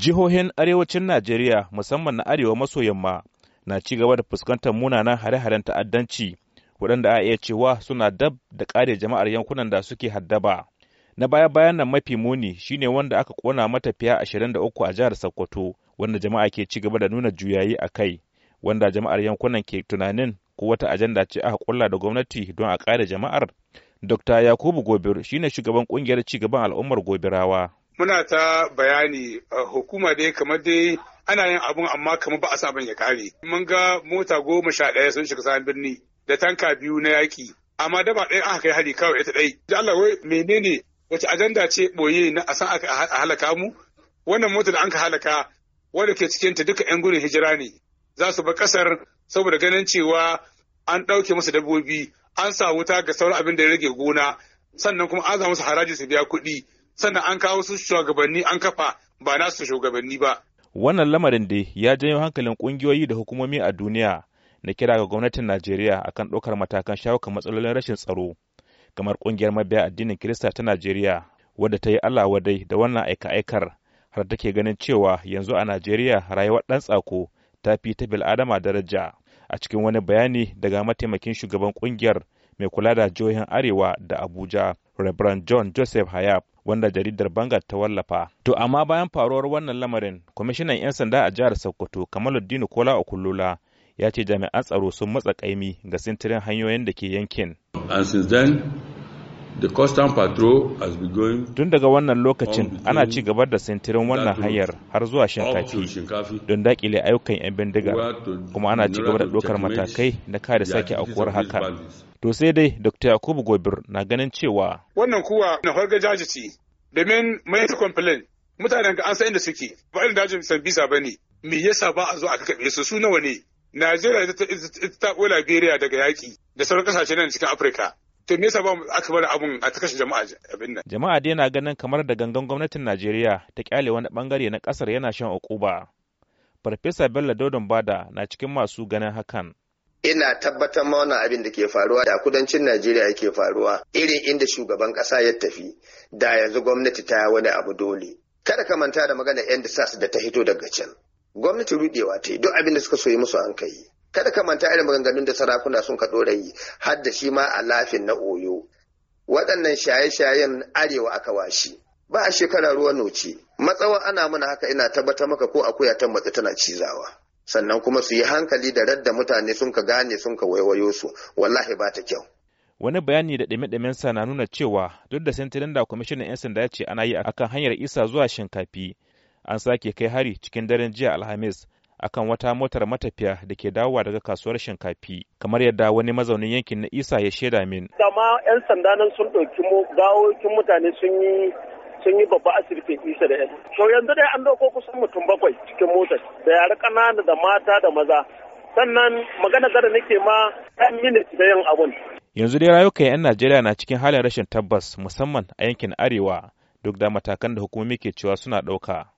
Jihohin arewacin Najeriya musamman na arewa maso yamma na ci gaba da fuskantar munanan hare-haren ta'addanci waɗanda a iya cewa suna dab da ƙare jama'ar yankunan da suke haddaba. Na baya-bayan nan mafi muni shine wanda aka kona matafiya 23 a jihar Sokoto wanda jama'a ke ci gaba da nuna juyayi a kai wanda jama'ar yankunan ke tunanin ko wata ajanda ce aka kulla da gwamnati don a ƙare jama'ar. Dr. Yakubu Gobir shine shugaban kungiyar ci gaban al'ummar Gobirawa. muna ta bayani eh, hukuma dai kamar dai ana yin abun amma kamar ba a sa ya kare. Mun ga mota goma sha ɗaya sun shiga sabon birni da tanka biyu na yaƙi. Amma daba ɗaya aka kai hari kawai ita ɗai. Da Allah wai menene wace ajanda ce ɓoye na a san aka halaka mu? Wannan mota da an ka halaka wanda ke cikin ta duka 'yan gudun hijira ne. Za su bar ƙasar saboda ganin cewa an ɗauke musu dabbobi an sa wuta ga sauran abin da ya rage gona sannan kuma an za musu haraji su biya kuɗi. sannan an kawo su shugabanni an kafa ba nasu shugabanni ba. Wannan lamarin dai ya janyo hankalin ƙungiyoyi da hukumomi a duniya na kira ga gwamnatin Najeriya akan ɗaukar matakan shawo matsalolin rashin tsaro kamar ƙungiyar mabiya addinin Kirista ta Najeriya wadda ta yi Allah wadai da wannan aika-aikar har take ganin cewa yanzu a Najeriya rayuwar ɗan tsako ta fi ta bil'adama daraja a cikin wani bayani daga mataimakin shugaban ƙungiyar. mai kula da jihohin arewa da abuja reverend john joseph hayab wanda jaridar bangar ta wallafa to amma bayan faruwar wannan lamarin kwamishinan 'yan sanda a jihar sokoto kamaluddin kola okulola ya ce jami'an tsaro sun matsa kaimi ga sintirin hanyoyin da ke yankin and since then Tun daga wannan lokacin ana ci gaba da sintirin wannan hanyar har zuwa shinkafi don dakile ayyukan 'yan bindiga kuma ana ci gaba da ɗaukar matakai na kare sake aukuwar haka. To sai dai Dr. Yakubu Gobir na ganin cewa. Wannan kuwa na harga jaji ce domin mai ta complain mutanen ga an san inda suke ba irin dajin bisa ba ne me yasa ba a zo a kakaɓe su su nawa ne Najeriya ita ta Liberia daga yaƙi da sauran ƙasashe nan cikin Afirka. to me yasa ba aka bar abun a ta kashe jama'a abin nan jama'a dai na ganin kamar da gangan gwamnatin Najeriya ta kyale wani bangare na kasar yana shan ukuba farfesa Bello Dodon Bada na cikin masu ganin hakan ina tabbatar ma wannan abin da ke faruwa da kudancin Najeriya yake faruwa irin inda shugaban kasa ya tafi da yanzu gwamnati ta wani abu dole kada ka manta da magana yan da da ta hito daga can gwamnati rudewa ta yi duk abin da suka soyi musu an kada ka manta irin maganganun da sarakuna sun ka ɗorayi, har da shi ma a lafin na oyo waɗannan shaye-shayen arewa aka washi ba a shekara ruwa noci matsawa ana mana haka ina tabbata maka ko akuya ta matsa tana cizawa sannan kuma su yi hankali da radda mutane sun ka gane sun ka waiwayo su wallahi ba ta kyau wani bayani da ɗame sa na nuna cewa duk da sintirin da kwamishinan 'yan sanda ya ce ana yi akan hanyar isa zuwa shinkafi an sake kai hari cikin daren jiya alhamis akan wata motar matafiya da ke dawowa daga kasuwar shinkafi kamar yadda wani mazaunin yankin na isa ya shaida min dama yan sanda nan sun ɗauki gawokin mutane sun yi sun yi babba asibitin isa da yan to yanzu dai an ɗauko kusan mutum bakwai cikin motar da yare ƙanana da mata da maza sannan magana da nake ma ɗan minutes da yin abun yanzu dai rayukan 'yan najeriya na cikin halin rashin tabbas musamman a yankin arewa duk da matakan da hukumomi ke cewa suna ɗauka